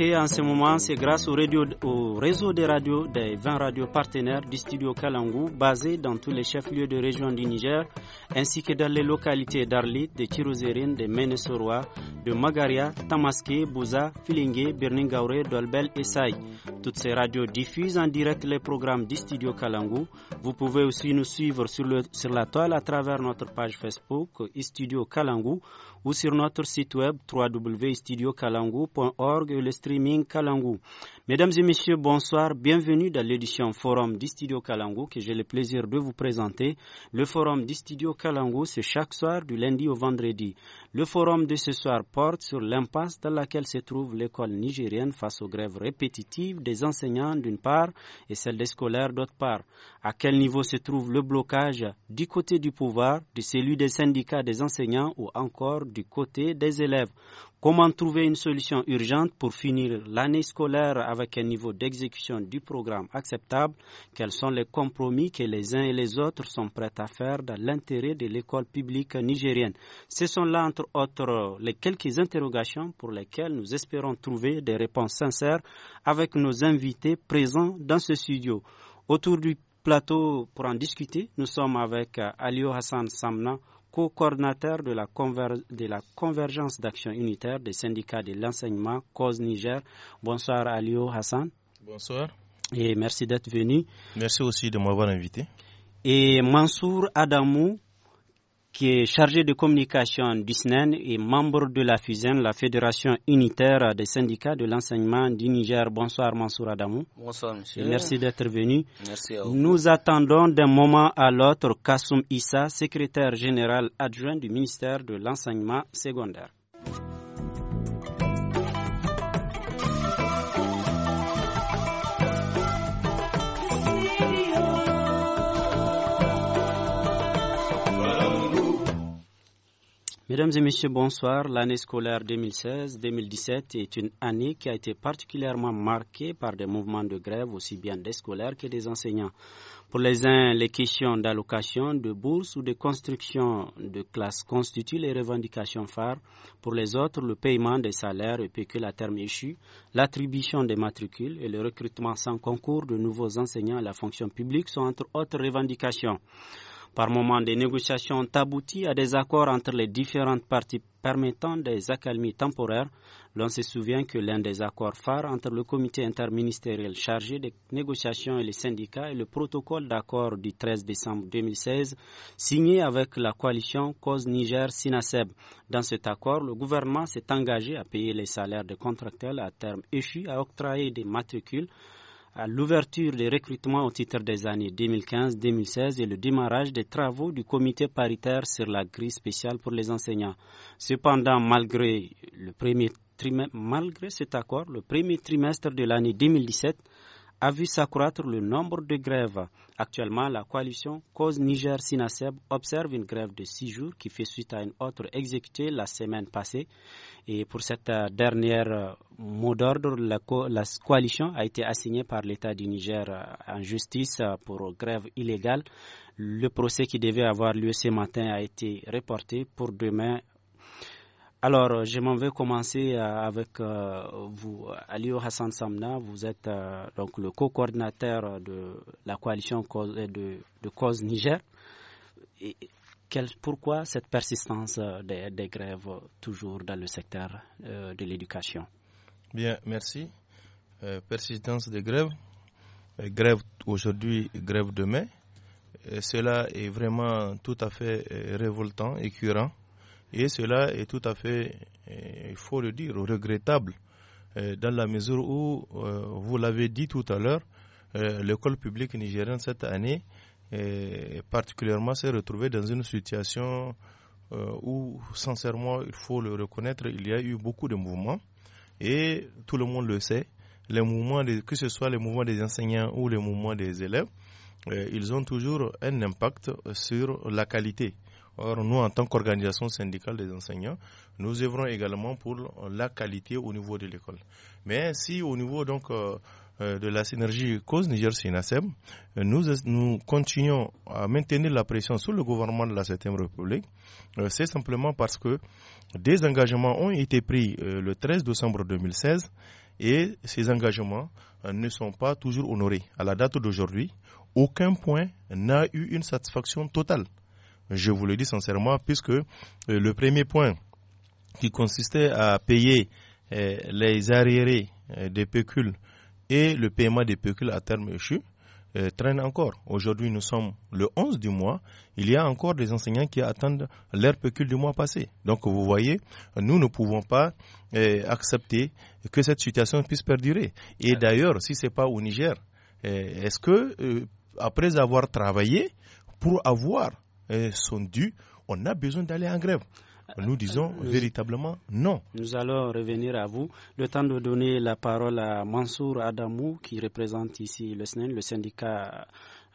en ce moment, c'est grâce au, réseau des radios des 20 radios partenaires du studio Kalangou, basé dans tous les chefs-lieux de région du Niger, ainsi que dans les localités d'Arlit, de Tirozerine, de Menesoroa, de Magaria, Tamaské, Bouza, Filingué, Birningaure, Dolbel et Saï. Toutes ces radios diffusent en direct les programmes du studio Kalangou. Vous pouvez aussi nous suivre sur, la toile à travers notre page Facebook Studio Kalangou ou sur notre site web www.studiokalangu.org le streaming Kalangu. Mesdames et messieurs, bonsoir. Bienvenue dans l'édition Forum du Studio Kalangu que j'ai le plaisir de vous présenter. Le Forum du Studio Kalangu, c'est chaque soir du lundi au vendredi. Le forum de ce soir porte sur l'impasse dans laquelle se trouve l'école nigérienne face aux grèves répétitives des enseignants d'une part et celles des scolaires d'autre part. À quel niveau se trouve le blocage du côté du pouvoir, de celui des syndicats des enseignants ou encore du côté des élèves Comment trouver une solution urgente pour finir l'année scolaire avec un niveau d'exécution du programme acceptable Quels sont les compromis que les uns et les autres sont prêts à faire dans l'intérêt de l'école publique nigérienne Ce sont là, entre autres, les quelques interrogations pour lesquelles nous espérons trouver des réponses sincères avec nos invités présents dans ce studio. Autour du plateau pour en discuter, nous sommes avec euh, Alio Hassan Samna, co-coordinateur de, de, la convergence d'action unitaire des syndicats de l'enseignement Cause Niger. Bonsoir Alio Hassan. Bonsoir. Et merci d'être venu. Merci aussi de m'avoir invité. Et Mansour Adamou, qui est chargé de communication du SNEN e et membre de la FUSEN, la Fédération unitaire des syndicats de l'enseignement du Niger. Bonsoir Mansour Adamou. Bonsoir monsieur. merci d'être venu. Merci à vous. Nous attendons d'un moment à l'autre Kassoum Issa, secrétaire général adjoint du ministère de l'enseignement secondaire. Mesdames et Messieurs, bonsoir. L'année scolaire 2016-2017 est une année qui a été particulièrement marquée par des mouvements de grève aussi bien des scolaires que des enseignants. Pour les uns, les questions d'allocation, de bourses ou de construction de classes constituent les revendications phares. Pour les autres, le paiement des salaires et que la terme échu, l'attribution des matricules et le recrutement sans concours de nouveaux enseignants à la fonction publique sont entre autres revendications. Par moment, des négociations ont abouti à des accords entre les différentes parties permettant des accalmies temporaires. L'on se souvient que l'un des accords phares entre le comité interministériel chargé des négociations et les syndicats est le protocole d'accord du 13 décembre 2016 signé avec la coalition Cause Niger-Sinaseb. Dans cet accord, le gouvernement s'est engagé à payer les salaires des contractuels à terme échu, à octroyer des matricules à l'ouverture des recrutements au titre des années 2015-2016 et le démarrage des travaux du comité paritaire sur la grille spéciale pour les enseignants. Cependant, malgré, le premier malgré cet accord, le premier trimestre de l'année 2017 a vu s'accroître le nombre de grèves. Actuellement, la coalition Cause Niger-Sinaseb observe une grève de six jours qui fait suite à une autre exécutée la semaine passée. Et pour cette euh, dernière euh, mot d'ordre, la, coalition a été assignée par l'État du Niger euh, en justice pour grève illégale. Le procès qui devait avoir lieu ce matin a été reporté pour demain alors, euh, je m'en vais commencer euh, avec euh, vous, Aliou Hassan Samna. Vous êtes donc le co-coordinateur de la coalition de, de cause Niger. pourquoi cette persistance des, grèves toujours dans le secteur de l'éducation Bien, merci. persistance des grèves, grève aujourd'hui, grève demain. cela est vraiment tout à fait révoltant et curant et cela est tout à fait, eh, il faut le dire, regrettable, eh, dans la mesure où, eh, vous l'avez dit tout à l'heure, l'école publique nigérienne cette année particulièrement s'est retrouvée dans une situation où, sincèrement, il faut le reconnaître, il y a eu beaucoup de mouvements. Et tout le monde le sait, les mouvements, que ce soit les mouvements des enseignants ou les mouvements des élèves, ils ont toujours un impact sur la qualité Or, nous, en tant qu'organisation syndicale des enseignants, nous œuvrons également pour la qualité au niveau de l'école. Mais si au niveau euh, euh, de la synergie cause niger sinasem euh, nous, continuons à maintenir la pression sur le gouvernement de la 7e République, c'est simplement parce que des engagements ont été pris le 13 décembre 2016 et ces engagements ne sont pas toujours honorés. À la date d'aujourd'hui, aucun point n'a eu une satisfaction totale je vous le dis sincèrement, puisque euh, le premier point qui consistait à payer euh, les arriérés euh, des pécules et le paiement des pécules à terme échu traîne encore. Aujourd'hui, nous sommes le 11 du mois. Il y a encore des enseignants qui attendent leur pécule du mois passé. Donc, vous voyez, nous ne pouvons pas accepter que cette situation puisse perdurer. Et d'ailleurs, si ce n'est pas au Niger, est-ce que, après avoir travaillé pour avoir sont dus on a besoin d'aller en grève. Nous disons véritablement non. Nous allons revenir à vous. Le temps de donner la parole à Mansour Adamou, qui représente ici le SNEN, e le syndicat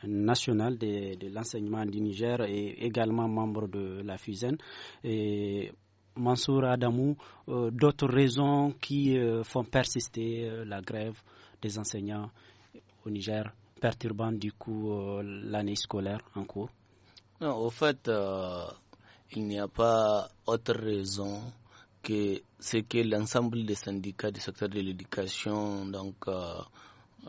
national de, l'enseignement du Niger et également membre de la FUSEN. Et Mansour Adamou, euh, d'autres raisons qui euh, font persister euh, la grève des enseignants au Niger, perturbant du coup l'année scolaire en cours non, au fait, euh, il n'y a pas autre raison que ce que l'ensemble des syndicats du secteur de l'éducation, donc euh,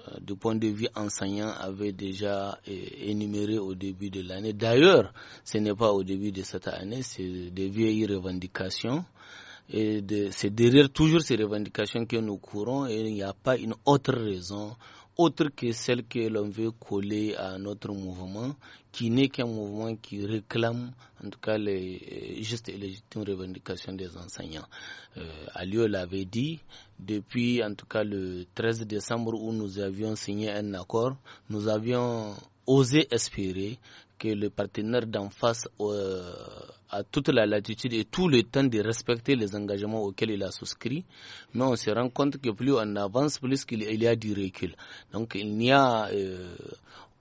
euh du point de vue enseignant, avait déjà euh, énuméré au début de l'année. D'ailleurs, ce n'est pas au début de cette année, c'est des vieilles revendications. Et c'est derrière toujours ces revendications que nous courons et il n'y a pas une autre raison autre que celle que l'on veut coller à notre mouvement, qui n'est qu'un mouvement qui réclame en tout cas les euh, justes et légitimes revendications des enseignants. Euh, l'avait dit, depuis en tout cas le 13 décembre où nous avions signé un accord, nous avions osé espérer que le partenaire d'en face euh, à toute la latitude et tout le temps de respecter les engagements auxquels il a souscrit, mais on se rend compte que plus on avance, plus il y a du recul. Donc il n'y a euh,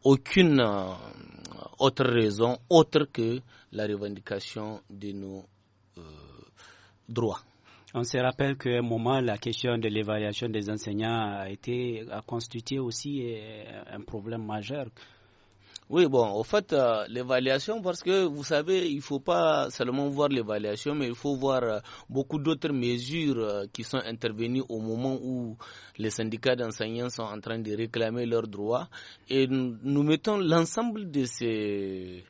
aucune euh, autre raison autre que la revendication de nos euh, droits. On se rappelle qu'à un moment, la question de l'évaluation des enseignants a été a constitué aussi un problème majeur oui, bon, au fait, euh, l'évaluation, parce que vous savez, il ne faut pas seulement voir l'évaluation, mais il faut voir euh, beaucoup d'autres mesures euh, qui sont intervenues au moment où les syndicats d'enseignants sont en train de réclamer leurs droits. Et nous, nous mettons l'ensemble de ces,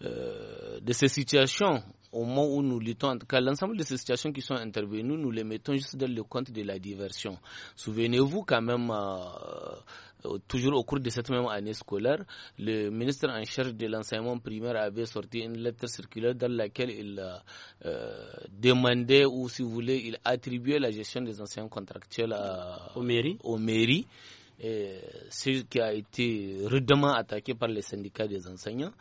de ces situations au moment où nous luttons, car l'ensemble de ces situations qui sont intervenues, nous les mettons juste dans le compte de la diversion. Souvenez-vous quand même, euh, euh, toujours au cours de cette même année scolaire, le ministre en charge de l'enseignement primaire avait sorti une lettre circulaire dans laquelle il euh, demandait ou, si vous voulez, il attribuait la gestion des enseignants contractuels à, aux Aux mairies ce qui a été rudement attaqué par les syndicats des enseignants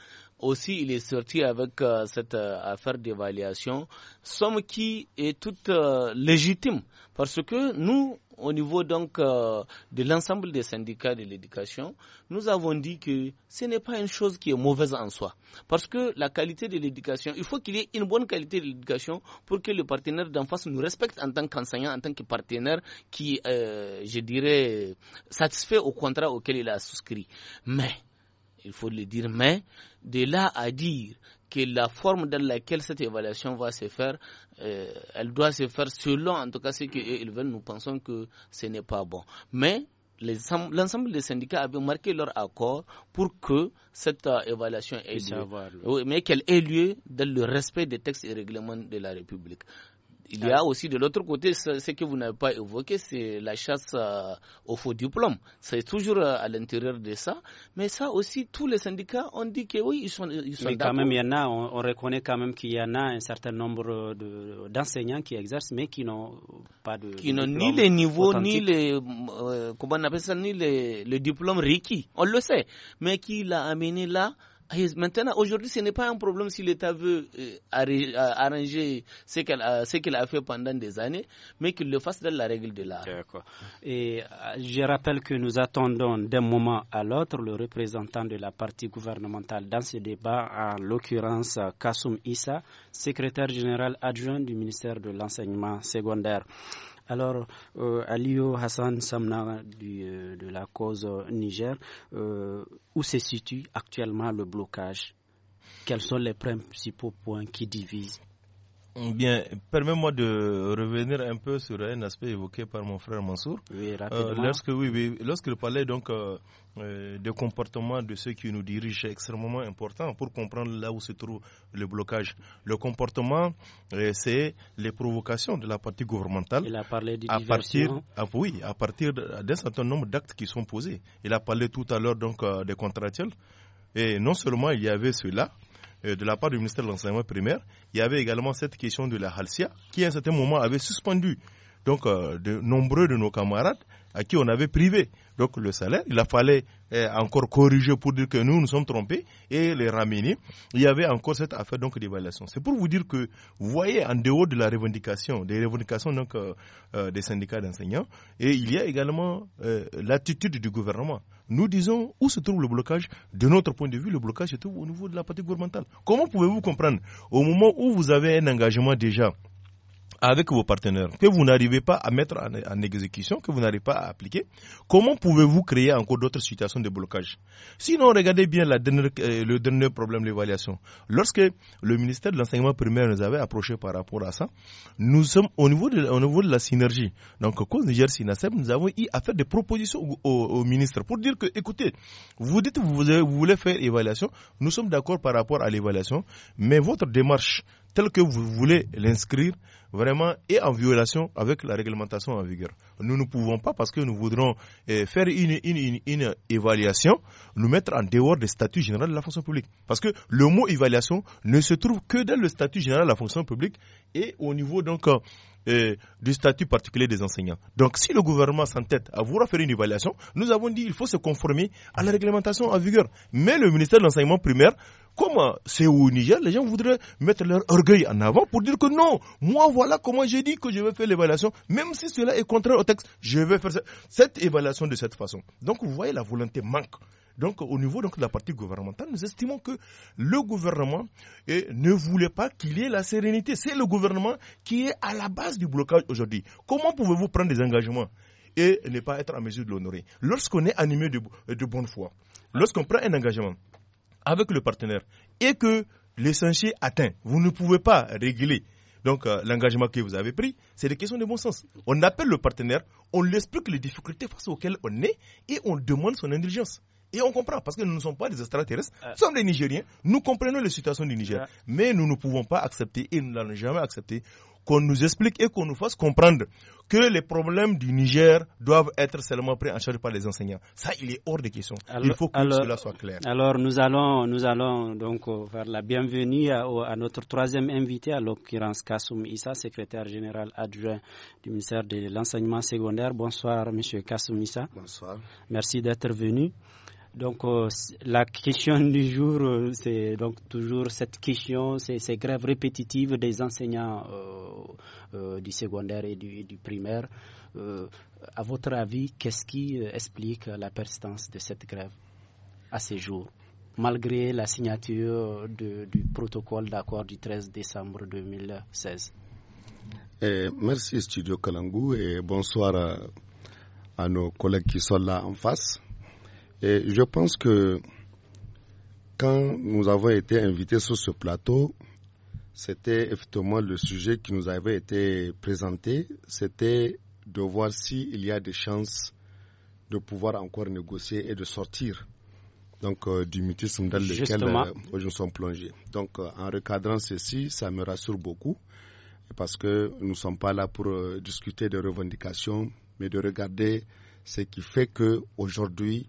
aussi il est sorti avec euh, cette euh, affaire d'évaluation, somme qui est toute euh, légitime parce que nous, au niveau donc de l'ensemble des syndicats de l'éducation, nous avons dit que ce n'est pas une chose qui est mauvaise en soi, parce que la qualité de l'éducation, il faut qu'il y ait une bonne qualité de l'éducation pour que le partenaire d'en face nous respecte en tant qu'enseignant, en tant que partenaire qui, je dirais, satisfait au contrat auquel il a souscrit. Mais il faut le dire, mais de là à dire que la forme dans laquelle cette évaluation va se faire, euh, elle doit se faire selon en tout cas ce qu'ils veulent, nous pensons que ce n'est pas bon. Mais l'ensemble des syndicats avaient marqué leur accord pour que cette euh, évaluation ait lieu, mais qu'elle ait lieu dans le respect des textes et règlements de la République. Il y a aussi de l'autre côté ce, que vous n'avez pas évoqué, c'est la chasse euh, aux faux diplômes. C'est toujours euh, à l'intérieur de ça, mais ça aussi tous les syndicats ont dit que oui, ils sont, ils sont Mais quand même, il y en a, on, reconnaît quand même qu'il y en a un certain nombre d'enseignants qui exercent, mais qui n'ont pas de qui n'ont ni les niveaux ni les euh, comment ni les diplômes requis. On le sait, mais qui l'a amené là Maintenant, aujourd'hui, ce n'est pas un problème si l'État veut euh, euh, arranger ce qu'il a, fait pendant des années, mais qu'il le fasse dans la règle de l'art. Et euh, je rappelle que nous attendons d'un moment à l'autre le représentant de la partie gouvernementale dans ce débat, en l'occurrence Kassoum Issa, secrétaire général adjoint du ministère de l'Enseignement secondaire. Alors, euh, Aliou Hassan Samna euh, de la cause Niger, euh, où se situe actuellement le blocage Quels sont les principaux points qui divisent mm, Bien, permets-moi de revenir un peu sur un aspect évoqué par mon frère Mansour. Oui, euh, rapidement. lorsque, oui, oui, lorsque je donc de euh, des comportements de ceux qui nous dirigent est extrêmement important pour comprendre là où se trouve le blocage. Le comportement, euh, c'est les provocations de la partie gouvernementale. à partir, ah, à partir d'un certain nombre d'actes qui sont posés. Il a parlé tout à l'heure donc euh, des Et non seulement il y avait cela, de la part du ministère de l'enseignement primaire, il y avait également cette question de la Halcia, qui à un certain moment avait suspendu donc euh, de nombreux de nos camarades à qui on avait privé le salaire. Il a fallu euh, encore corriger pour dire que nous nous sommes trompés et les ramener. Il y avait encore cette affaire donc d'évaluation. C'est pour vous dire que vous voyez en dehors de la revendication, des revendications euh, des syndicats d'enseignants, et il y a également l'attitude du gouvernement. Nous disons où se trouve le blocage. De notre point de vue, le blocage se trouve au niveau de la partie gouvernementale. Comment pouvez-vous comprendre au moment où vous avez un engagement déjà avec vos partenaires, que vous n'arrivez pas à mettre en, exécution, que vous n'arrivez pas à appliquer, comment pouvez-vous créer encore d'autres situations de blocage Sinon, regardez bien euh, le dernier problème, l'évaluation. Lorsque le ministère de l'enseignement primaire nous avait approché par rapport à ça, nous sommes au niveau de, la synergie. Donc, cause Niger nous avons eu à faire des propositions au, ministre pour dire que, écoutez, vous dites que vous, vous voulez faire évaluation, nous sommes d'accord par rapport à l'évaluation, mais votre démarche telle que vous voulez l'inscrire, vraiment est en violation avec la réglementation en vigueur. Nous ne pouvons pas, parce que nous voudrons eh, faire une, évaluation, nous mettre en dehors du statut général de la fonction publique. Parce que le mot évaluation ne se trouve que dans le statut général de la fonction publique et au niveau donc euh, euh, du statut particulier des enseignants. Donc, si le gouvernement s'entête à vouloir faire une évaluation, nous avons dit qu'il faut se conformer à la réglementation en vigueur. Mais le ministère de l'enseignement primaire, comme c'est au Niger, les gens voudraient mettre leur orgueil en avant pour dire que non, moi voilà comment j'ai dit que je vais faire l'évaluation, même si cela est contraire au texte, je vais faire cette évaluation de cette façon. Donc, vous voyez, la volonté manque. Donc, au niveau de la partie gouvernementale, nous estimons que le gouvernement eh, ne voulait pas qu'il y ait la sérénité. C'est le gouvernement qui est à la base du blocage aujourd'hui. Comment pouvez-vous prendre des engagements et ne pas être en mesure de l'honorer Lorsqu'on est animé de, bonne foi, lorsqu'on prend un engagement avec le partenaire et que l'essentiel atteint, vous ne pouvez pas régler euh, l'engagement que vous avez pris, c'est des questions de bon sens. On appelle le partenaire, on lui explique les difficultés face auxquelles on est et on demande son indulgence. Et on comprend, parce que nous ne sommes pas des extraterrestres, euh. nous sommes des Nigériens, nous comprenons les situation du Niger. Euh. Mais nous ne pouvons pas accepter, et nous n'allons jamais accepter, qu'on nous explique et qu'on nous fasse comprendre que les problèmes du Niger doivent être seulement pris en charge par les enseignants. Ça, il est hors de question. il faut que cela soit clair. Alors, nous allons, nous allons donc euh, faire la bienvenue à, notre troisième invité, à l'occurrence Kassoum Issa, secrétaire général adjoint du ministère de l'enseignement secondaire. Bonsoir, Monsieur Kassoum Issa. Bonsoir. Merci d'être venu. Donc euh, la question du jour, euh, c'est donc toujours cette question, c'est ces grèves répétitives des enseignants euh, du secondaire et du, primaire. à votre avis, qu'est-ce qui explique la persistance de cette grève à ces jours, malgré la signature du protocole d'accord du 13 décembre 2016 eh, Merci Studio Kalangou et bonsoir à nos collègues qui sont là en face. Et je pense que quand nous avons été invités sur ce plateau, c'était effectivement le sujet qui nous avait été présenté. C'était de voir s'il y a des chances de pouvoir encore négocier et de sortir donc, euh, du mutisme dans lequel euh, nous sommes plongés. Donc, euh, en recadrant ceci, ça me rassure beaucoup parce que nous ne sommes pas là pour discuter de revendications, mais de regarder ce qui fait qu'aujourd'hui,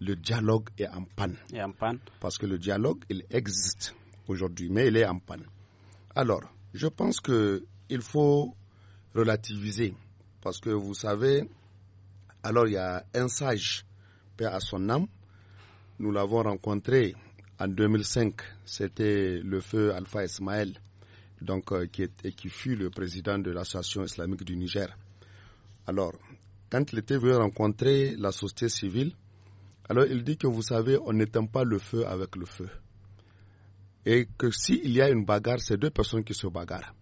le dialogue est en panne. Parce que le dialogue, il existe aujourd'hui, mais il est en panne. Alors, je pense qu'il faut relativiser. Parce que vous savez, alors il y a un sage, père à son âme. Nous l'avons rencontré en 2005. C'était le feu Alpha Ismaël, donc, euh, qui, et qui fut le président de l'Association islamique du Niger. Alors, quand il était venu rencontrer la société civile, alors il dit que vous savez, on n'éteint pas le feu avec le feu. Et que s'il y a une bagarre, c'est deux personnes qui se bagarrent.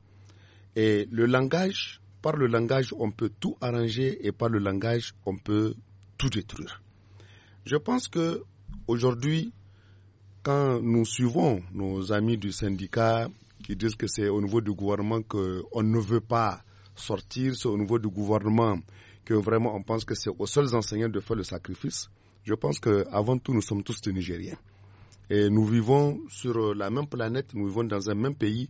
Et le langage, par le langage, on peut tout arranger et par le langage, on peut tout détruire. Je pense que aujourd'hui, quand nous suivons nos amis du syndicat qui disent que c'est au niveau du gouvernement qu'on ne veut pas sortir, c'est au niveau du gouvernement que vraiment on pense que c'est aux seuls enseignants de faire le sacrifice, je pense qu'avant tout, nous sommes tous des Nigériens. Et nous vivons sur la même planète, nous vivons dans un même pays.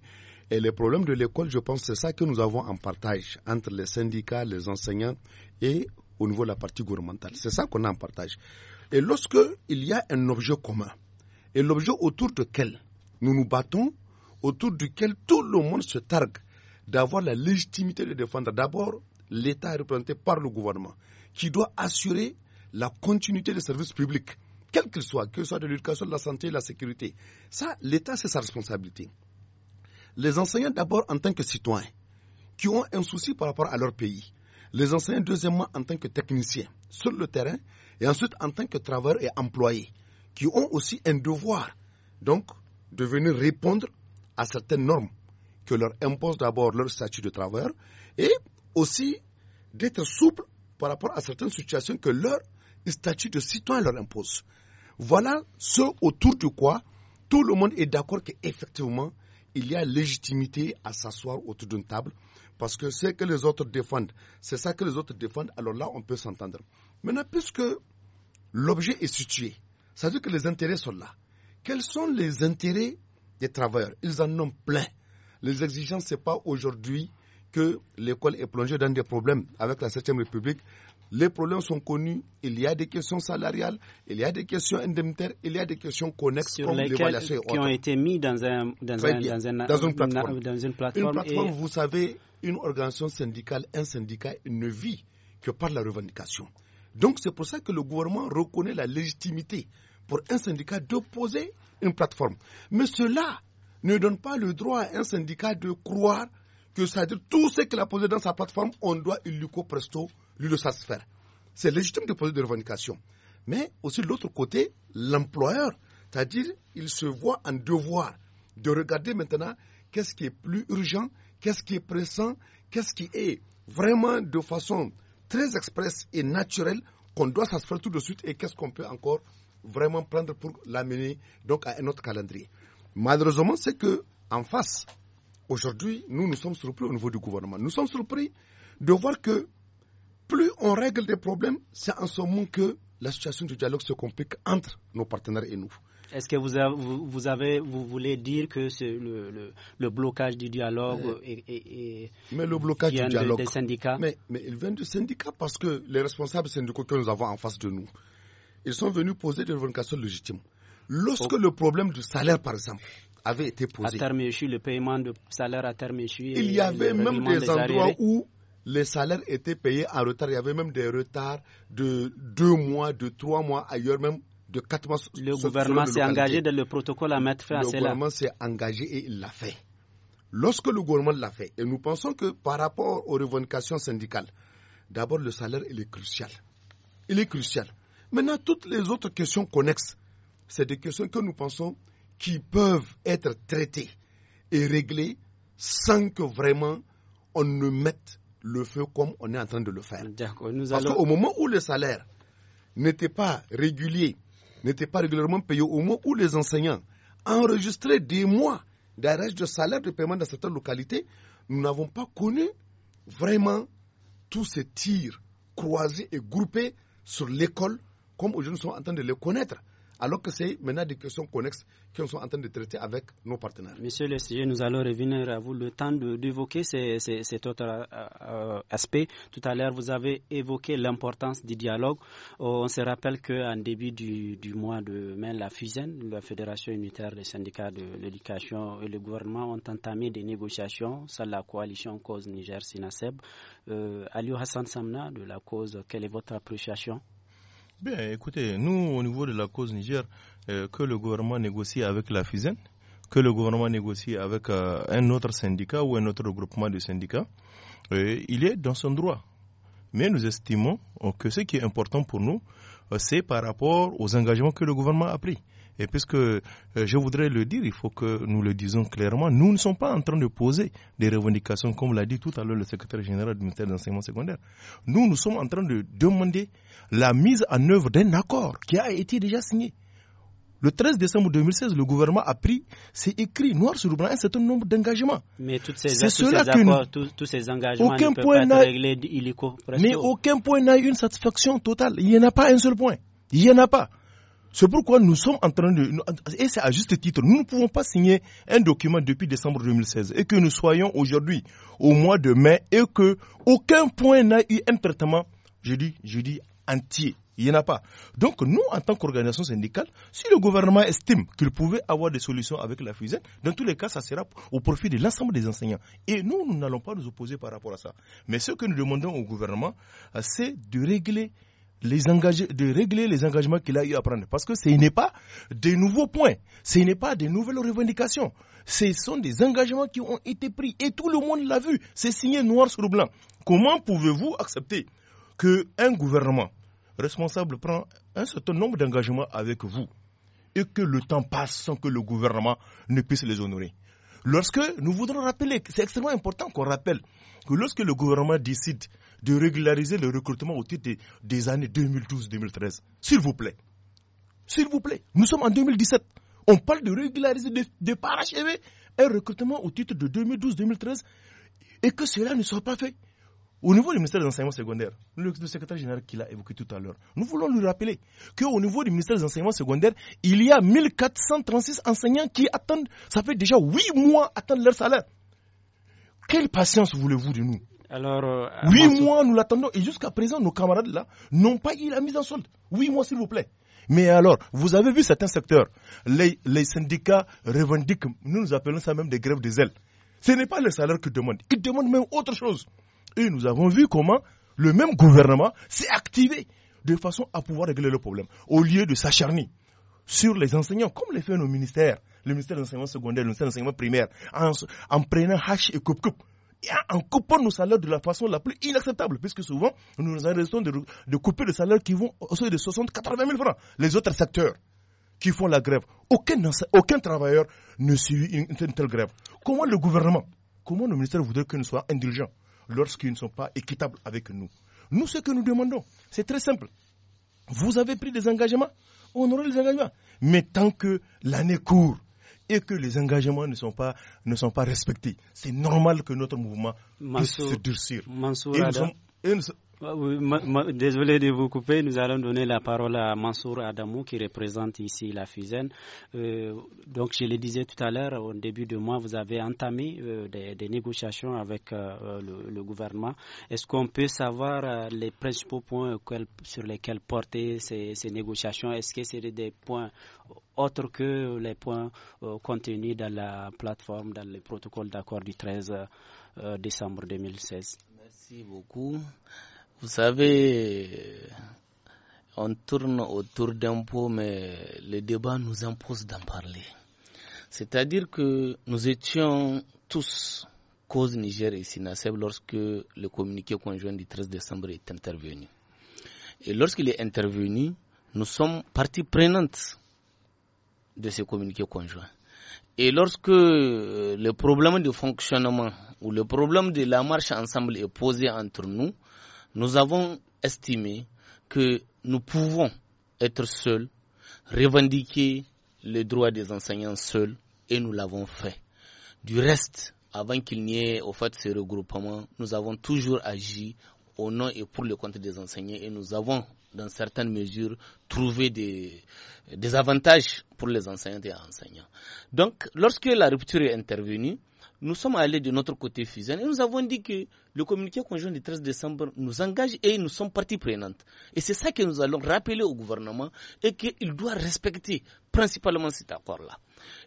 Et les problèmes de l'école, je pense, c'est ça que nous avons en partage entre les syndicats, les enseignants et au niveau de la partie gouvernementale. C'est ça qu'on a en partage. Et lorsque il y a un objet commun, et l'objet autour duquel nous nous battons, autour duquel tout le monde se targue d'avoir la légitimité de défendre d'abord l'État représenté par le gouvernement, qui doit assurer la continuité des services publics, quel qu'il soit, que ce soit de l'éducation, de la santé, de la sécurité. Ça, l'État, c'est sa responsabilité. Les enseignants, d'abord, en tant que citoyens, qui ont un souci par rapport à leur pays. Les enseignants, deuxièmement, en tant que techniciens sur le terrain, et ensuite en tant que travailleurs et employés, qui ont aussi un devoir, donc, de venir répondre à certaines normes que leur impose d'abord leur statut de travailleur, et aussi d'être souple par rapport à certaines situations que leur statut de citoyen leur impose. Voilà ce autour de quoi tout le monde est d'accord qu'effectivement, il y a légitimité à s'asseoir autour d'une table parce que ce que les autres défendent, c'est ça que les autres défendent, alors là, on peut s'entendre. Maintenant, puisque l'objet est situé, ça veut dire que les intérêts sont là. Quels sont les intérêts des travailleurs Ils en ont plein. Les exigences, ce n'est pas aujourd'hui que l'école est plongée dans des problèmes avec la 7 ème République. Les problèmes sont connus. Il y a des questions salariales, il y a des questions indemnitaires, il y a des questions connexes Sur comme l'évaluation. Qui ont été mis dans, un, dans, dans, une plateforme. une plateforme, vous savez, une organisation syndicale, un syndicat ne vit que par la revendication. Donc c'est pour ça que le gouvernement reconnaît la légitimité pour un syndicat d'opposer une plateforme. Mais cela ne donne pas le droit à un syndicat de croire que ça tout ce qu'il a posé dans sa plateforme, on doit illico presto lui, de satisfaire. C'est légitime de poser des revendications. Mais aussi, de l'autre côté, l'employeur, c'est-à-dire, il se voit en devoir de regarder maintenant qu'est-ce qui est plus urgent, qu'est-ce qui est pressant, qu'est-ce qui est vraiment de façon très expresse et naturelle qu'on doit satisfaire tout de suite et qu'est-ce qu'on peut encore vraiment prendre pour l'amener donc à un autre calendrier. Malheureusement, c'est que en face, aujourd'hui, nous nous sommes surpris au niveau du gouvernement. Nous sommes surpris de voir que plus on règle des problèmes, c'est en ce moment que la situation du dialogue se complique entre nos partenaires et nous. Est-ce que vous, vous, avez, vous, voulez dire que le, le, le, blocage du dialogue et, mais le blocage vient du dialogue, des syndicats mais, mais il vient du syndicat parce que les responsables syndicaux que nous avons en face de nous, ils sont venus poser des revendications légitimes. Lorsque oh. le problème du salaire, par exemple, avait été posé. À terme le paiement de salaire à terme échu. Il y avait même des, endroits où les salaires étaient payés en retard. Il y avait même des retards de deux mois, de trois mois, ailleurs même de quatre mois. Le gouvernement s'est engagé dans le protocole à mettre fin à cela. Le gouvernement s'est engagé et il l'a fait. Lorsque le gouvernement l'a fait, et nous pensons que par rapport aux revendications syndicales, d'abord le salaire, il est crucial. Il est crucial. Maintenant, toutes les autres questions connexes, c'est des questions que nous pensons qui peuvent être traitées et réglées sans que vraiment on ne mette le feu comme on est en train de le faire. Parce qu'au moment où le salaire n'était pas régulier, n'était pas régulièrement payé, au moment où les enseignants enregistraient des mois d'arrêt de salaire de paiement dans certaines localités, nous n'avons pas connu vraiment tous ces tirs croisés et groupés sur l'école comme aujourd'hui nous sommes en train de le connaître alors que c'est maintenant des questions connexes qu'on sont en train de traiter avec nos partenaires. Monsieur le CG, e nous allons revenir à vous le temps d'évoquer cet autre euh, euh, aspect. Tout à l'heure, vous avez évoqué l'importance du dialogue. Euh, on se rappelle qu'en début du, mois de mai, la FUSEN, la Fédération unitaire des syndicats de l'éducation et le gouvernement ont entamé des négociations sur la coalition cause Niger-Sinaseb. Euh, Hassan Samna, de la cause, quelle est votre appréciation Bien, écoutez, nous, au niveau de la cause Niger, euh, que le gouvernement négocie avec la FISEN, que le gouvernement négocie avec euh, un autre syndicat ou un autre regroupement de syndicats, euh, il est dans son droit. Mais nous estimons que ce qui est important pour nous, c'est par rapport aux engagements que le gouvernement a pris. Et puisque euh, je voudrais le dire, il faut que nous le disions clairement, nous ne sommes pas en train de poser des revendications, comme l'a dit tout à l'heure le secrétaire général du ministère de l'enseignement secondaire. Nous, nous sommes en train de demander la mise en œuvre d'un accord qui a été déjà signé. Le 13 décembre 2016, le gouvernement a pris, c'est écrit noir sur blanc, un certain nombre d'engagements. Mais tous, ces engagements aucun ne point pas être réglés illico. Mais aucun point n'a eu une satisfaction totale. Il n'y en a pas un seul point. Il n'y en a pas. C'est pourquoi nous sommes en train de, et c'est à juste titre, nous ne pouvons pas signer un document depuis décembre 2016 et que nous soyons aujourd'hui au mois de mai et que aucun point n'a eu un traitement, je dis, je dis entier. Il n'y en a pas. Donc nous, en tant qu'organisation syndicale, si le gouvernement estime qu'il pouvait avoir des solutions avec la fusée, dans tous les cas, ça sera au profit de l'ensemble des enseignants. Et nous, nous n'allons pas nous opposer par rapport à ça. Mais ce que nous demandons au gouvernement, euh, c'est de régler les engager, de régler les engagements qu'il a eu à prendre. Parce que ce n'est pas des nouveaux points, ce n'est pas des nouvelles revendications. Ce sont des engagements qui ont été pris et tout le monde l'a vu. C'est signé noir sur blanc. Comment pouvez-vous accepter qu'un gouvernement responsable prend un certain nombre d'engagements avec vous et que le temps passe sans que le gouvernement ne puisse les honorer Lorsque, nous voudrons rappeler, c'est extrêmement important qu'on rappelle que lorsque le gouvernement décide de régulariser le recrutement au titre des, années 2012-2013, s'il vous plaît, s'il vous plaît, nous sommes en 2017. On parle de régulariser, de, de parachever un recrutement au titre de 2012-2013 et que cela ne soit pas fait. Au niveau du ministère des enseignements secondaires, le, secrétaire général qui l'a évoqué tout à l'heure, nous voulons lui rappeler qu'au niveau du ministère des enseignements secondaires, il y a 1436 enseignants qui attendent, ça fait déjà 8 mois, attendent leur salaire. Quelle patience voulez-vous de nous alors, euh, mois, nous l'attendons. Et jusqu'à présent, nos camarades là n'ont pas eu la mise en solde. 8 mois, s'il vous plaît. Mais alors, vous avez vu certains secteurs, les, syndicats revendiquent, nous nous appelons ça même des grèves des ailes. Ce n'est pas le salaire qu'ils demandent, ils demandent même autre chose. Et nous avons vu comment le même gouvernement s'est activé de façon à pouvoir régler le problème, au lieu de s'acharner sur les enseignants, comme les fait nos ministères, le ministère de l'enseignement secondaire, le ministère de l'enseignement primaire, en, prenant hache et coupe-coupe, en, coupant nos salaires de la façon la plus inacceptable, puisque souvent, nous nous arrêtons de, couper les salaires qui vont au seuil de 60, 80 000 francs. Les autres secteurs qui font la grève, aucun, travailleur ne suit une, telle grève. Comment le gouvernement, comment le ministère voudrait que nous soyons indulgents lorsqu'ils ne sont pas équitables avec nous. Nous, ce que nous demandons, c'est très simple. Vous avez pris des engagements, on aura les engagements. Mais tant que l'année court et que les engagements ne sont pas, respectés, c'est normal que notre mouvement se durcir. Ah désolé de vous couper, nous allons donner la parole à Mansour Adamou qui représente ici la FUSEN. Euh, donc je le disais tout à l'heure, au début de mois, vous avez entamé euh, des, négociations avec euh, le, gouvernement. Est-ce qu'on peut savoir les principaux points sur lesquels porter ces, négociations Est-ce que c'est des points autres que les points contenus dans la plateforme, dans le protocole d'accord du 13 décembre 2016 Merci beaucoup. Vous savez, euh, on tourne autour d'un pot, mais le débat nous impose d'en parler. C'est-à-dire que nous étions tous cause Niger et Sinaseb lorsque le communiqué conjoint du 13 décembre est intervenu. Et lorsqu'il est intervenu, nous sommes partie prenante de ce communiqué conjoint. Et lorsque euh, le problème de fonctionnement ou le problème de la marche ensemble est posé entre nous, nous avons estimé que nous pouvons être seuls, revendiquer les droits des enseignants seuls, et nous l'avons fait. Du reste, avant qu'il n'y ait au fait ce regroupement, nous avons toujours agi au nom et pour le compte des enseignants et nous avons, dans certaines mesures, trouvé des, des avantages pour les enseignants et enseignants. Donc, lorsque la rupture est intervenue, nous sommes allés de notre côté fusion et nous avons dit que le communiqué conjoint du 13 décembre nous engage et nous sommes partie prenante. Et c'est ça que nous allons rappeler au gouvernement et qu'il doit respecter principalement cet accord-là.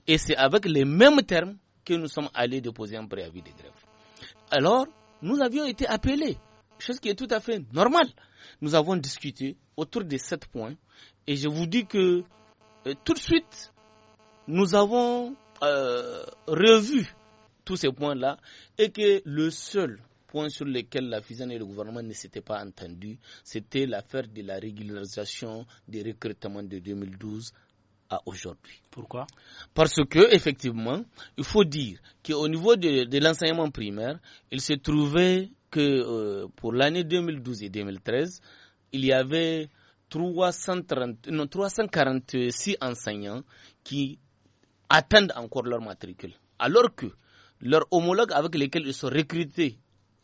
Et c'est avec les mêmes termes que nous sommes allés déposer un préavis de grèves. Alors, nous avions été appelés, chose qui est tout à fait normale. Nous avons discuté autour de sept points et je vous dis que euh, tout de suite, nous avons euh, revu tous ces points-là, et que le seul point sur lequel la FISAN et le gouvernement ne s'étaient pas entendus, c'était l'affaire de la régularisation des recrutements de 2012 à aujourd'hui. Pourquoi Parce que effectivement, il faut dire qu'au niveau de, l'enseignement primaire, il se trouvait que euh, pour l'année 2012 et 2013, il y avait 346 enseignants qui attendent encore leur matricule. Alors que leurs homologues avec lesquels ils sont recrutés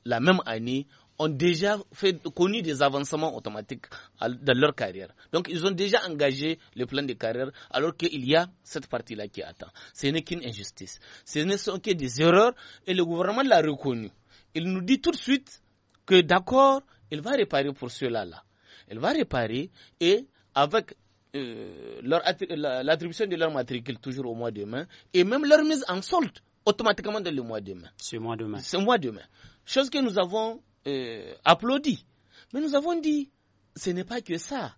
la même année ont déjà fait, connu des avancements automatiques dans leur carrière. Donc, ils ont déjà engagé le plan de carrière alors qu'il y a cette partie-là qui attend. Ce n'est qu'une injustice. Ce ne sont que des erreurs et le gouvernement l'a reconnu. Il nous dit tout de suite que d'accord, il va réparer pour cela là. Il va réparer et avec euh, l'attribution de leur matricule toujours au mois de mai et même leur mise en solde automatiquement dans le mois de mai. Ce mois de mai. Ce mois de mai. Chose que nous avons euh, applaudi. Mais nous avons dit, ce n'est pas que ça.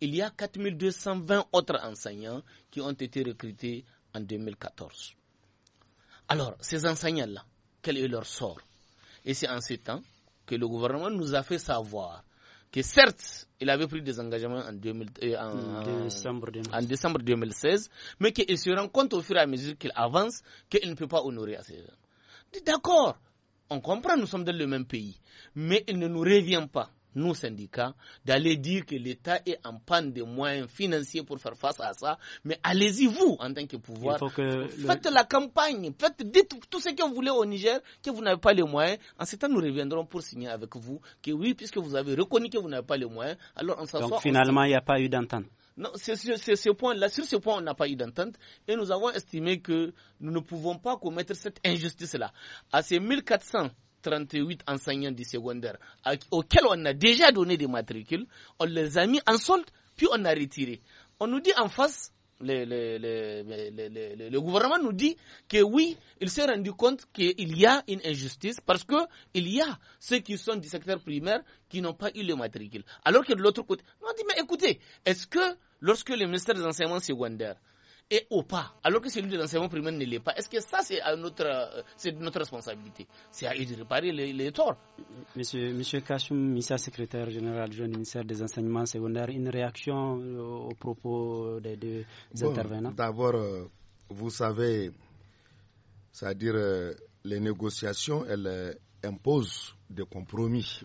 Il y a 4220 autres enseignants qui ont été recrutés en 2014. Alors, ces enseignants-là, quel est leur sort Et c'est en ce temps que le gouvernement nous a fait savoir que certes, il avait pris des engagements en, décembre, 2016. Euh, en décembre 2016, mais qu'il se rend compte au fur et à mesure qu'il avance qu'il ne peut pas honorer à ces gens. D'accord, on comprend, nous sommes dans le même pays, mais il ne nous revient pas nous syndicats, d'aller dire que l'État est en panne de moyens financiers pour faire face à ça, mais allez-y vous en tant que pouvoir. faites la campagne, faites, dites tout ce que vous voulez au Niger, que vous n'avez pas les moyens. En ce temps, nous reviendrons pour signer avec vous que oui, puisque vous avez reconnu que vous n'avez pas les moyens, alors Donc finalement, il n'y a pas eu d'entente. Non, ce point-là. Sur ce point, on n'a pas eu d'entente et nous avons estimé que nous ne pouvons pas commettre cette injustice-là. À ces 1400 38 enseignants du secondaire, auxquels on a déjà donné des matricules, on les a mis en solde, puis on a retiré. On nous dit en face, le, gouvernement nous dit que oui, il s'est rendu compte qu'il y a une injustice parce qu'il y a ceux qui sont du secteur primaire qui n'ont pas eu les matricules. Alors que de l'autre côté, on dit, mais écoutez, est-ce que lorsque le ministère des enseignements secondaires et au pas, alors que celui de l'enseignement primaire ne l'est pas. Est-ce que ça, c'est notre, euh, c'est notre responsabilité C'est à eux de réparer les, torts. Monsieur, Monsieur Kachum, secrétaire général du ministère des enseignements secondaires, une réaction euh, aux propos des deux intervenants D'abord, euh, vous savez, c'est-à-dire les négociations, elles imposent des compromis.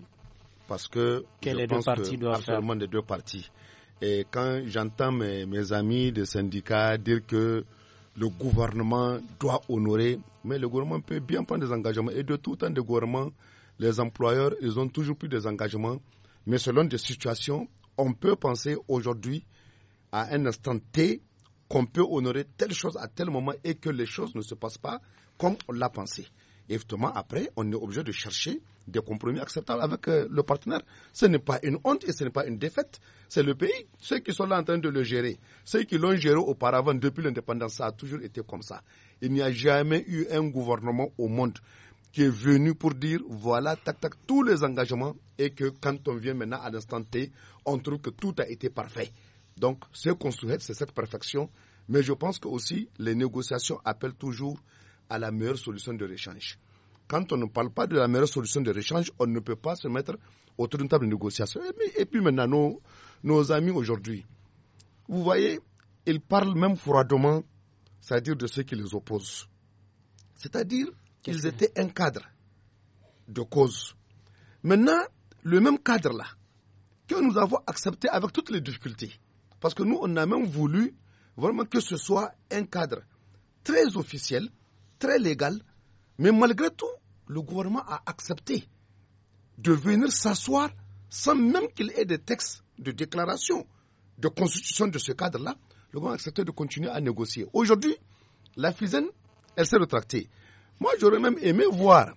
Parce que, les deux parties que, doivent absolument deux parties. Et quand j'entends mes, amis des syndicats dire que le gouvernement doit honorer, mais le gouvernement peut bien prendre des engagements. Et de tout temps de gouvernement, les employeurs, ils ont toujours pris des engagements. Mais selon des situations, on peut penser aujourd'hui à un instant T qu'on peut honorer telle chose à tel moment et que les choses ne se passent pas comme on l'a pensé effectivement, après, on est obligé de chercher des compromis acceptables avec euh, le partenaire. Ce n'est pas une honte et ce n'est pas une défaite. C'est le pays, ceux qui sont là en train de le gérer. Ceux qui l'ont géré auparavant, depuis l'indépendance, ça a toujours été comme ça. Il n'y a jamais eu un gouvernement au monde qui est venu pour dire voilà, tac, tac, tous les engagements et que quand on vient maintenant à l'instant T, on trouve que tout a été parfait. Donc, ce qu'on souhaite, c'est cette perfection. Mais je pense que aussi, les négociations appellent toujours à la meilleure solution de réchange. Quand on ne parle pas de la meilleure solution de réchange, on ne peut pas se mettre autour d'une table de négociation. Et, puis maintenant, nos, nos amis aujourd'hui, vous voyez, ils parlent même froidement, c'est-à-dire de ceux qui les opposent. C'est-à-dire qu'ils étaient un cadre de cause. Maintenant, le même cadre-là, que nous avons accepté avec toutes les difficultés, parce que nous, on a même voulu vraiment que ce soit un cadre très officiel, très légal, mais malgré tout, le gouvernement a accepté de venir s'asseoir sans même qu'il ait des textes de déclaration, de constitution de ce cadre-là. Le gouvernement a accepté de continuer à négocier. Aujourd'hui, la FISEN, elle s'est retractée. Moi, j'aurais même aimé voir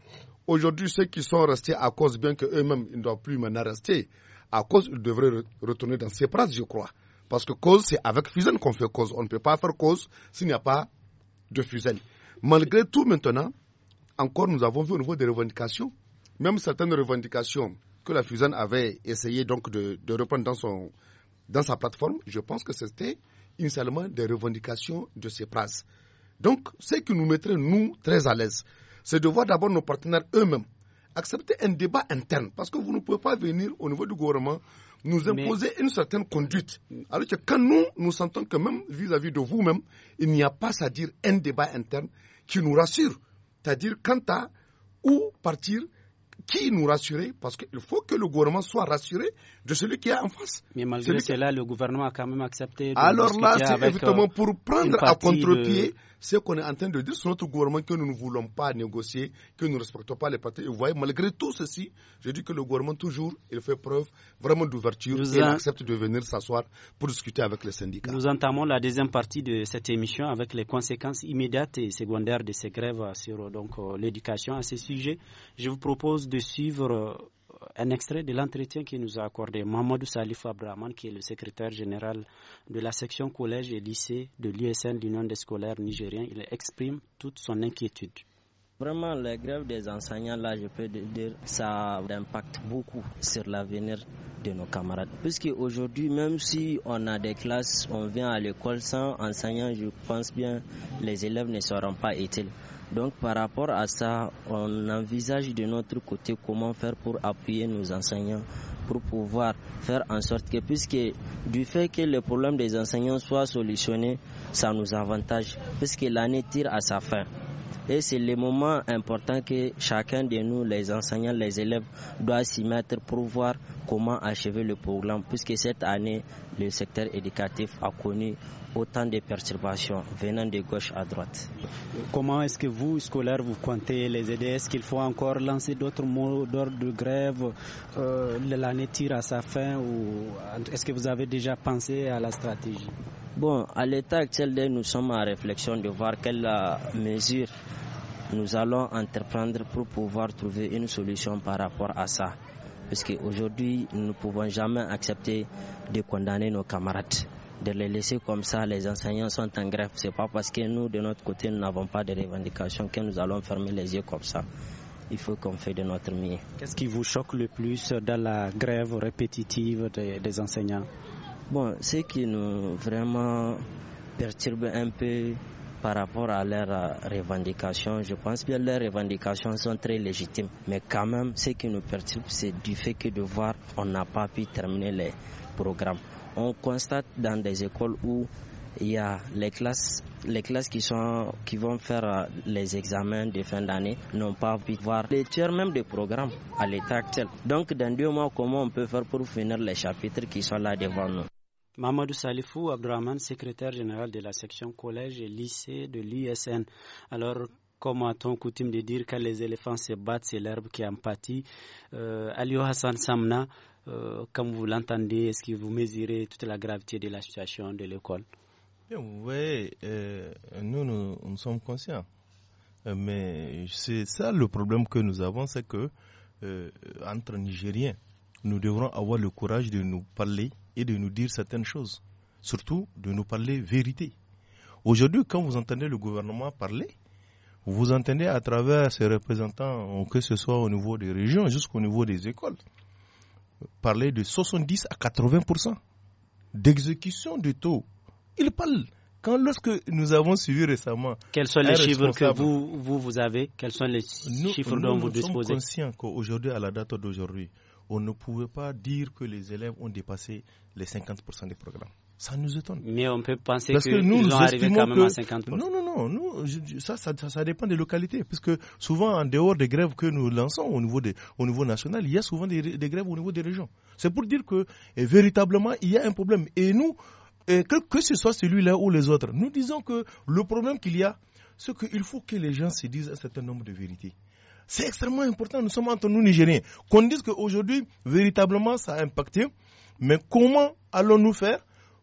aujourd'hui ceux qui sont restés à cause, bien qu'eux-mêmes ne doivent plus maintenant rester, à cause, ils devraient retourner dans ces places, je crois. Parce que cause, c'est avec FISEN qu'on fait cause. On ne peut pas faire cause s'il n'y a pas de FISEN. Malgré tout, maintenant, encore nous avons vu au niveau des revendications, même certaines revendications que la Fusane avait essayé de, reprendre dans, son, sa plateforme, je pense que c'était initialement des revendications de ses phrases. Donc, ce qui nous mettrait, nous, très à l'aise, c'est de voir d'abord nos partenaires eux-mêmes accepter un débat interne, parce que vous ne pouvez pas venir au niveau du gouvernement nous imposer une certaine conduite. Alors que quand nous, nous sentons que même vis à -vis de vous-même, il n'y a pas, à dire, un débat interne, qui nous rassure. C'est-à-dire quant à où partir, qui nous rassurer, parce qu'il faut que le gouvernement soit rassuré de celui qui est en face. Mais malgré cela, le gouvernement a quand même accepté. De Alors là, c'est évidemment euh, pour prendre à contre-pied ce qu'on est en train de dire sur notre gouvernement que nous ne voulons pas négocier, que nous ne respectons pas les partis. vous voyez, malgré tout ceci, je dis que le gouvernement, toujours, il fait preuve vraiment d'ouverture et accepte de venir s'asseoir pour discuter avec les syndicats. Nous entamons la deuxième partie de cette émission avec les conséquences immédiates et secondaires de ces grèves sur euh, l'éducation à ce sujet. Je vous propose de suivre euh, un extrait de l'entretien qu'il nous a accordé Mamadou Salif Abrahman, qui est le secrétaire général de la section collège et lycée de l'USN, l'Union des scolaires nigériens. Il exprime toute son inquiétude. Vraiment, la grève des enseignants, là, je peux dire, ça impacte beaucoup sur l'avenir de nos camarades. Puisque aujourd'hui, même si on a des classes, on vient à l'école sans enseignants, je pense bien, les élèves ne seront pas utiles. Donc par rapport à ça, on envisage de notre côté comment faire pour appuyer nos enseignants, pour pouvoir faire en sorte que, puisque du fait que le problème des enseignants soit solutionné, ça nous avantage, puisque l'année tire à sa fin. Et c'est le moment important que chacun de nous, les enseignants, les élèves, doit s'y mettre pour voir comment achever le programme, puisque cette année, le secteur éducatif a connu autant de perturbations venant de gauche à droite. Comment est-ce que vous, scolaires, vous comptez les aider Est-ce qu'il faut encore lancer d'autres mots d'ordre de grève euh, L'année tire à sa fin ou est-ce que vous avez déjà pensé à la stratégie Bon, à l'état actuel, nous sommes en réflexion de voir quelle euh, mesure nous allons entreprendre pour pouvoir trouver une solution par rapport à ça. Parce qu'aujourd'hui, nous ne pouvons jamais accepter de condamner nos camarades de les laisser comme ça, les enseignants sont en grève. C'est pas parce que nous, de notre côté, nous n'avons pas de revendications que nous allons fermer les yeux comme ça. Il faut qu'on fait de notre mieux. Qu'est-ce qui vous choque le plus dans la grève répétitive des, enseignants Bon, ce qui nous vraiment perturbe un peu par rapport à leurs revendications, je pense que leurs revendications sont très légitimes. Mais quand même, ce qui nous perturbe, c'est du fait que de voir on n'a pas pu terminer les programmes on constate dans des écoles où il y a les classes, les classes qui, sont, qui vont faire euh, les examens de fin d'année n'ont pas pu voir les tiers même des programmes à l'état actuel. Donc, dans deux mois, comment on peut faire pour finir les chapitres qui sont là devant nous Mamadou Salifou Abdraman, secrétaire général de la section collège et lycée de l'ISN. Alors, comme a-t-on coutume de dire, quand les éléphants se battent, c'est l'herbe qui en pâtit. Euh, Hassan Samna, euh, comme vous l'entendez, est-ce que vous mesurez toute la gravité de la situation de l'école Oui, euh, nous, nous, sommes conscients. Euh, mais c'est ça le problème que nous avons, c'est que entre Nigériens, nous devrons avoir le courage de nous parler et de nous dire certaines choses, surtout de nous parler vérité. Aujourd'hui, quand vous entendez le gouvernement parler, vous entendez à travers ses représentants, que ce soit au niveau des régions jusqu'au niveau des écoles, parler de 70 à 80% d'exécution du taux. Il parle. Quand lorsque nous avons suivi récemment. Quels sont les chiffres que vous, vous, avez Quels sont les chiffres dont vous disposez Nous sommes conscients qu'aujourd'hui, à la date d'aujourd'hui, on ne pouvait pas dire que les élèves ont dépassé les 50% des programmes ça nous étonne. Mais on peut penser que, nous, nous quand même à 50 Non, non, non. ça, dépend des localités. Puisque souvent, en dehors des grèves que nous lançons au niveau, au niveau national, il y a souvent des, grèves au niveau des régions. C'est pour dire que eh, véritablement, il y a un problème. Et nous, et eh, que, que ce soit celui-là ou les autres, nous disons que le problème qu'il y a, c'est qu'il faut que les gens se disent un certain nombre de vérités. C'est extrêmement important. Nous sommes entre nous, Nigériens. Qu'on dise qu'aujourd'hui, véritablement, ça a impacté. Mais comment allons-nous faire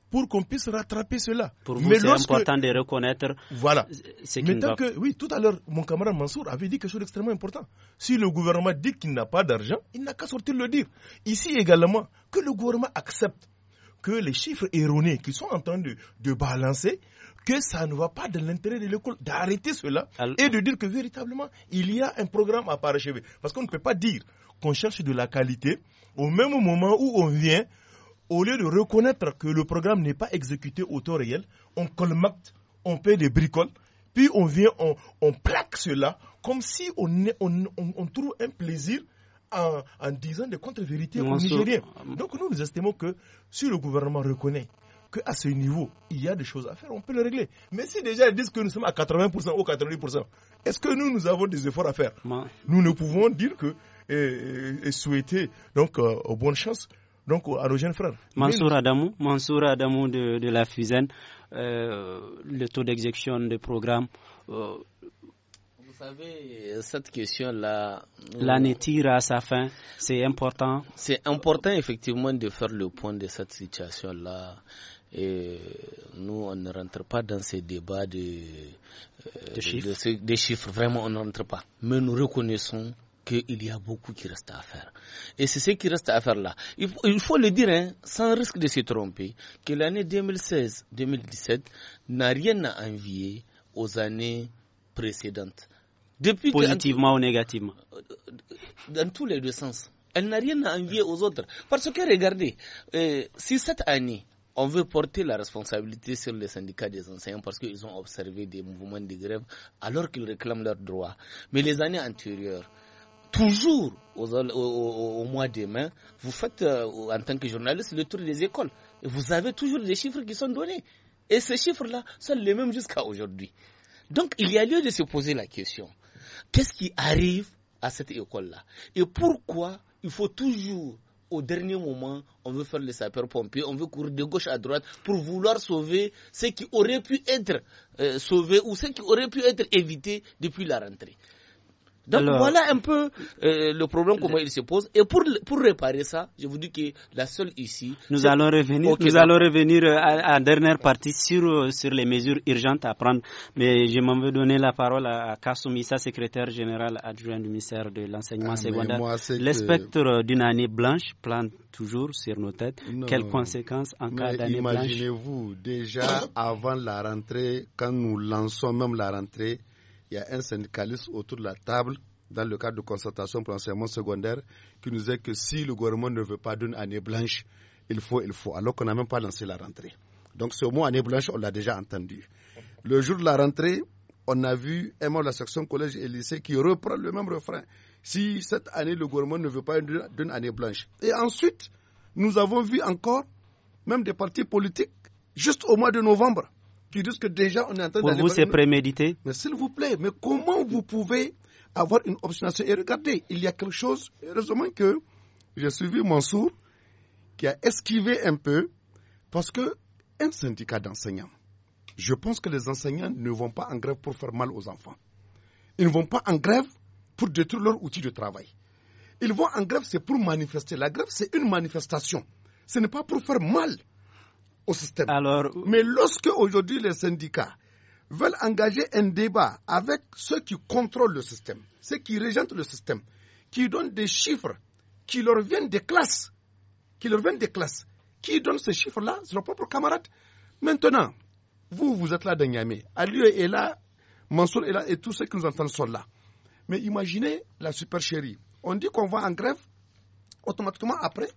pour qu'on puisse rattraper cela. Pour vous, c'est important de reconnaître. Voilà. Ce Mais que, oui, tout à l'heure, mon camarade Mansour avait dit quelque chose d'extrêmement important. Si le gouvernement dit qu'il n'a pas d'argent, il n'a qu'à sortir le dire. Ici également, que le gouvernement accepte que les chiffres erronés qui sont en train de, balancer, que ça ne va pas dans l'intérêt de l'école, d'arrêter cela et de dire que véritablement, il y a un programme à parachever. Parce qu'on ne peut pas dire qu'on cherche de la qualité au même moment où on vient au lieu de reconnaître que le programme n'est pas exécuté au temps réel, on colmate, on paie des bricoles, puis on vient, on, plaque cela comme si on, trouve un plaisir en, disant des contre-vérités aux Nigériens. Donc nous, nous estimons que si le gouvernement reconnaît qu'à ce niveau, il y a des choses à faire, on peut le régler. Mais si déjà ils disent que nous sommes à 80% ou 90%, est-ce que nous, nous avons des efforts à faire Nous ne pouvons dire que et, souhaiter donc euh, bonne chance donc à nos jeunes frères. Mansour Adamou, de, la FUSEN, euh, le taux d'exécution des programmes. Euh, vous savez, cette question-là. Euh, L'année tire à sa fin, c'est important. C'est important, effectivement, de faire le point de cette situation-là. Et nous, on ne rentre pas dans ces débats de, de, chiffres. Vraiment, on ne rentre pas. Mais nous reconnaissons qu'il y a beaucoup qui reste à faire. Et c'est ce qui reste à faire là. Il faut, le dire, hein, sans risque de se tromper, que l'année 2016-2017 n'a rien à envier aux années précédentes. Positivement ou négativement euh, Dans tous les deux sens. Elle n'a rien à envier aux autres. Parce que regardez, euh, si cette année, on veut porter la responsabilité sur les syndicats des enseignants parce qu'ils ont observé des mouvements de grève alors qu'ils réclament leurs droits. Mais les années antérieures, toujours au, mois de mai, vous faites euh, en tant que journaliste le tour des écoles. Et vous avez toujours des chiffres qui sont donnés. Et ces chiffres-là sont les mêmes jusqu'à aujourd'hui. Donc il y a lieu de se poser la question. Qu'est-ce qui arrive à cette école-là Et pourquoi il faut toujours, au dernier moment, on veut faire le sapeurs-pompiers, on veut courir de gauche à droite pour vouloir sauver ce qui aurait pu être euh, sauvé ou ce qui aurait pu être évité depuis la rentrée donc voilà un peu euh, le problème comment il se pose. Et pour, pour réparer ça, je vous dis que la seule ici. Nous allons revenir. nous allons revenir euh, à, dernière partie euh, sur les mesures urgentes à prendre. Mais je m'en veux donner la parole à, Kassou Kassoumissa, secrétaire général adjoint du ministère de l'enseignement ah, secondaire. Le spectre d'une année blanche plante toujours sur nos têtes. Quelles conséquences en cas d'année blanche Imaginez-vous déjà avant la rentrée, quand nous lançons même la rentrée il y a un syndicaliste autour de la table dans le cadre de concertation pour l'enseignement secondaire qui nous dit que si le gouvernement ne veut pas d'une année blanche, il faut, il faut, alors qu'on n'a même pas lancé la rentrée. Donc ce mot année blanche, on l'a déjà entendu. Le jour de la rentrée, on a vu un de la section collège et lycée qui reprend le même refrain. Si cette année, le gouvernement ne veut pas d'une année blanche. Et ensuite, nous avons vu encore même des partis politiques juste au mois de novembre qui disent déjà on est en Pour vous, c'est prémédité. Mais s'il vous plaît, mais comment vous pouvez avoir une obstination Et regardez, il y a quelque chose, heureusement que j'ai suivi Mansour, qui a esquivé un peu, parce que un syndicat d'enseignants, je pense que les enseignants ne vont pas en grève pour faire mal aux enfants. Ils ne vont pas en grève pour détruire leur outil de travail. Ils vont en grève, c'est pour manifester. La grève, c'est une manifestation. Ce n'est pas pour faire mal au système. Euh, Mais lorsque aujourd'hui les syndicats veulent engager un débat avec ceux qui contrôlent le système, ceux qui régentent le système, qui donnent des chiffres qui leur viennent des classes, qui leur viennent des classes, qui donnent ces chiffres-là, leurs propres camarades. Maintenant, vous, vous êtes là dans Niamey, Ali est là, Mansour est là, et tous ceux qui nous entendent sont là. Mais imaginez la supercherie. On dit qu'on va en grève, automatiquement après,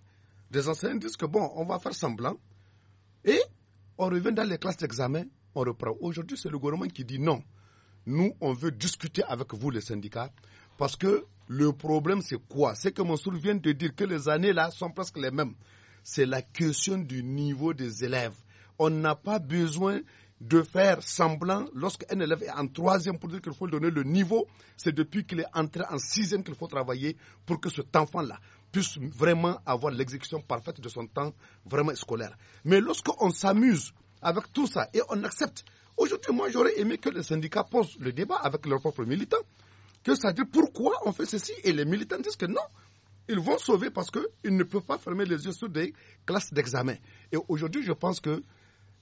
des enseignants disent que bon, on va faire semblant, et on revient dans les classes d'examen, on reprend. Aujourd'hui, c'est le gouvernement qui dit non. Nous, on veut discuter avec vous, les syndicats, parce que le problème, c'est quoi C'est que mon vient de dire que les années-là sont presque les mêmes. C'est la question du niveau des élèves. On n'a pas besoin de faire semblant lorsqu'un élève est en troisième pour dire qu'il faut donner le niveau, c'est depuis qu'il est entré en sixième qu'il faut travailler pour que cet enfant-là puisse vraiment avoir l'exécution parfaite de son temps vraiment scolaire. Mais lorsqu'on s'amuse avec tout ça et on accepte, aujourd'hui, moi, j'aurais aimé que les syndicats posent le débat avec leurs propres militants. Que ça dit pourquoi on fait ceci et les militants disent que non, ils vont sauver parce qu'ils ne peuvent pas fermer les yeux sur des classes d'examen. Et aujourd'hui, je pense que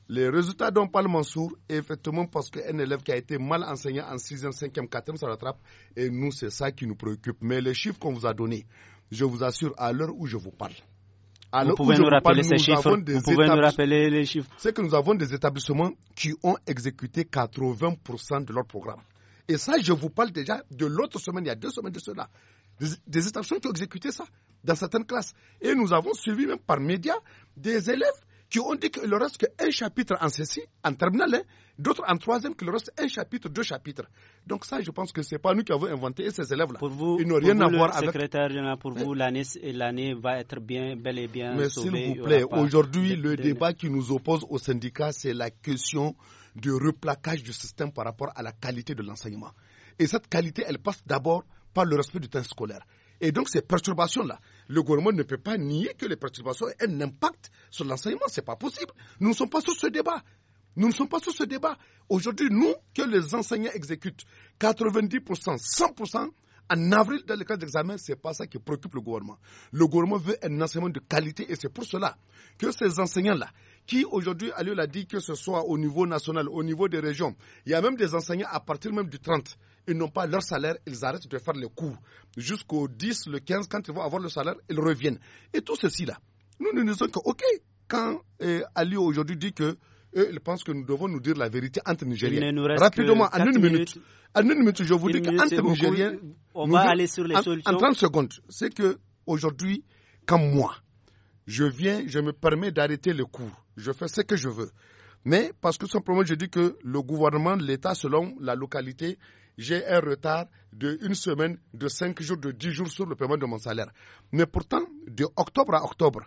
les résultats dont parle Mansour, effectivement, parce qu'un élève qui a été mal enseigné en 6e, 5e, 4e, ça rattrape. Et nous, c'est ça qui nous préoccupe. Mais les chiffres qu'on vous a donnés, je vous assure, à l'heure où je vous parle. À vous pouvez nous rappeler chiffres Vous pouvez nous rappeler les chiffres C'est que nous avons des établissements qui ont exécuté 80% de leur programme. Et ça, je vous parle déjà de l'autre semaine, il y a deux semaines de cela. Des, des établissements qui ont exécuté ça dans certaines classes. Et nous avons suivi même par médias des élèves qui ont dit qu'il leur reste qu'un chapitre en ceci, en terminale, hein. d'autres en troisième, qu'il leur reste un chapitre, deux chapitres. Donc ça, je pense que ce n'est pas nous qui avons inventé ces élèves-là. pour vous, à secrétaire pour vous, l'année, va être bien, bel et bien Mais s'il vous plaît, aujourd'hui, le débat qui nous oppose au syndicat, c'est la question du replacage du système par rapport à la qualité de l'enseignement. Et cette qualité, elle passe d'abord par le respect du temps scolaire. Et donc ces perturbations-là, le gouvernement ne peut pas nier que les perturbations aient un impact sur l'enseignement. Ce n'est pas possible. Nous ne sommes pas sur ce débat. Nous ne sommes pas sur ce débat. Aujourd'hui, nous, que les enseignants exécutent 90%, 100%, en avril, dans le cadre d'examen, ce n'est pas ça qui préoccupe le gouvernement. Le gouvernement veut un enseignement de qualité et c'est pour cela que ces enseignants-là, qui aujourd'hui, Aliou l'a dit, que ce soit au niveau national, au niveau des régions, il y a même des enseignants à partir même du 30 ils n'ont pas leur salaire, ils arrêtent de faire le cours. Jusqu'au 10, le 15, quand ils vont avoir le salaire, ils reviennent. Et tout ceci-là, nous ne nous disons que, OK, quand euh, Ali aujourd'hui dit que eux, ils que nous devons nous dire la vérité entre Nigériens. Rapidement, en une minute, en une minute, je vous dis qu'entre Nigériens, on va aller sur les solutions. En 30 secondes, c'est que aujourd'hui, quand moi, je viens, je me permets d'arrêter le cours, je fais ce que je veux. Mais parce que simplement, je dis que le gouvernement, l'État, selon la localité, j'ai un retard de une semaine, de cinq jours, de dix jours sur le paiement de mon salaire. Mais pourtant, de octobre à octobre,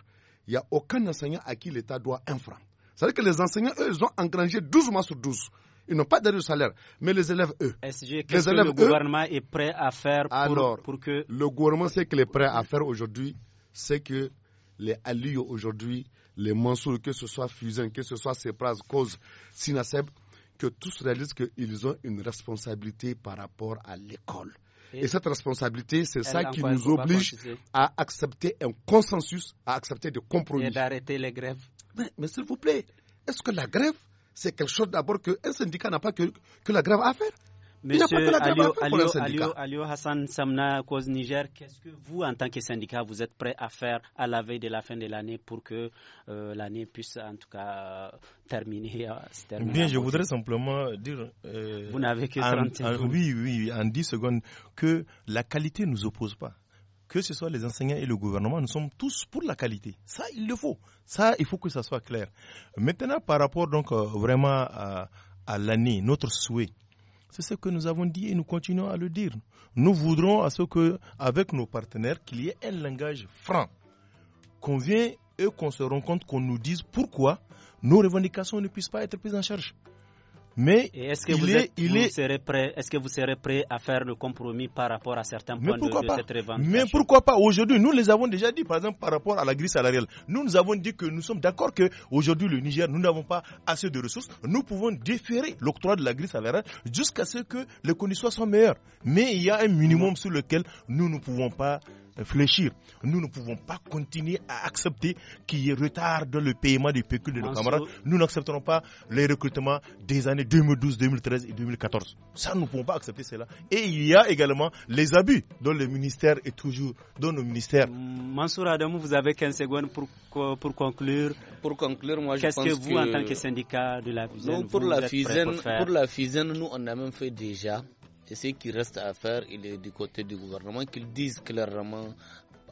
il n'y a aucun enseignant à qui l'État doit un franc. C'est-à-dire que les enseignants, eux, ils ont engrangé 12 mois sur 12. Ils n'ont pas de salaire. Mais les élèves, eux. SG, quest le gouvernement est prêt à faire pour, alors, pour que. Le gouvernement, ce qu'il est prêt à faire aujourd'hui, c'est que les alliés aujourd'hui, les mensonges, que ce soit Fusain, que ce soit Sepraz, Cause, Sinaseb, que tous réalisent qu'ils ont une responsabilité par rapport à l'école. Et, cette responsabilité, c'est ça qui nous oblige à accepter un consensus, à accepter des compromis. Et eh d'arrêter ben, les grèves. Mais, s'il vous plaît, est-ce que la grève, c'est quelque chose d'abord qu'un syndicat n'a pas que, que la grève à faire Monsieur Alio, Hassan Samna, cause Niger, qu'est-ce que vous, en tant que syndicat, vous êtes prêt à faire à la veille de la fin de l'année pour que euh, l'année puisse en tout cas euh, terminer, euh, se Bien, je voudrais simplement dire. vous n'avez que 30 secondes. oui, oui, en 10 secondes, que la qualité ne nous oppose pas que ce soit les enseignants et le gouvernement, nous sommes tous pour la qualité. Ça, il le faut. Ça, il faut que ça soit clair. Maintenant, par rapport donc vraiment à l'année, notre souhait, c'est ce que nous avons dit et nous continuons à le dire. Nous voudrons à ce que, avec nos partenaires, qu'il y ait un langage franc, qu'on vienne et qu'on se rende compte qu'on nous dise pourquoi nos revendications ne puissent pas être prises en charge. Mais est-ce que vous, serez prêt, est-ce que vous serez prêt à faire le compromis par rapport à certains points de, Mais pourquoi pas Aujourd'hui, nous les avons déjà dit, par exemple, par rapport à la grille salariale. Nous, nous avons dit que nous sommes d'accord que aujourd'hui le Niger, nous n'avons pas assez de ressources. Nous pouvons déférer l'octroi de la grille salariale jusqu'à ce que les conditions soient meilleures. Mais il y a un minimum mmh. sur lequel nous ne pouvons pas fléchir. Nous ne pouvons pas continuer à accepter qu'il y ait retard dans le paiement des pécules de nos camarades. Nous n'accepterons pas les recrutements des années 2012, 2013 et 2014. Ça, nous ne pouvons pas accepter cela. Et il y a également les abus dans le ministère et toujours, dans nos ministères. Mansour Adamou, vous avez 15 secondes pour, pour conclure. Pour conclure, moi, je pense que... Qu'est-ce que vous, en tant que syndicat de la FISEN, pour, la pour la nous, on a même fait déjà et ce qui reste à faire, il est du côté du gouvernement qu'ils disent clairement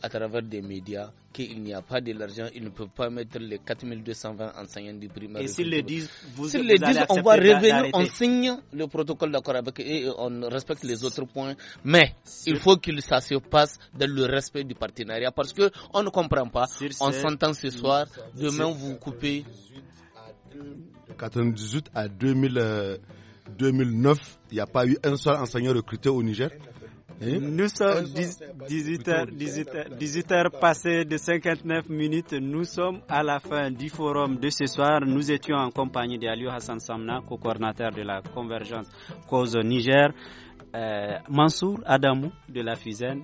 à travers des médias qu'il n'y a pas de l'argent, ils ne peut pas mettre les 4220 enseignants du primaire. Et s'ils le disent, vous, le disent, on va revenir, on signe le protocole d'accord avec eux et on respecte les autres points. Mais il faut que ça se passe dans le respect du partenariat parce que on ne comprend pas. on s'entend ce soir, demain vous coupez. 98 à 2000. 2009, il n'y a pas eu un seul enseignant recruté au Niger. Hein? nous sommes 18 h 18 18 passées de 59 minutes. Nous sommes à la fin du forum de ce soir. Nous étions en compagnie d'Aliou Hassan Samna, co-coordinateur de la convergence cause Niger, euh, Mansour Adamou de la FUSEN,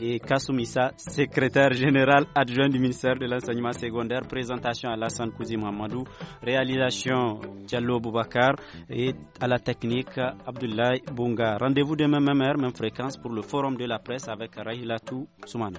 et Kassoumissa, secrétaire général adjoint du ministère de l'enseignement secondaire. Présentation à Lassane Kouzi Mamadou. Réalisation Diallo Boubacar et à la technique Abdoulaye Bunga. Rendez-vous demain même heure, même fréquence pour le forum de la presse avec Rahilatou Soumana.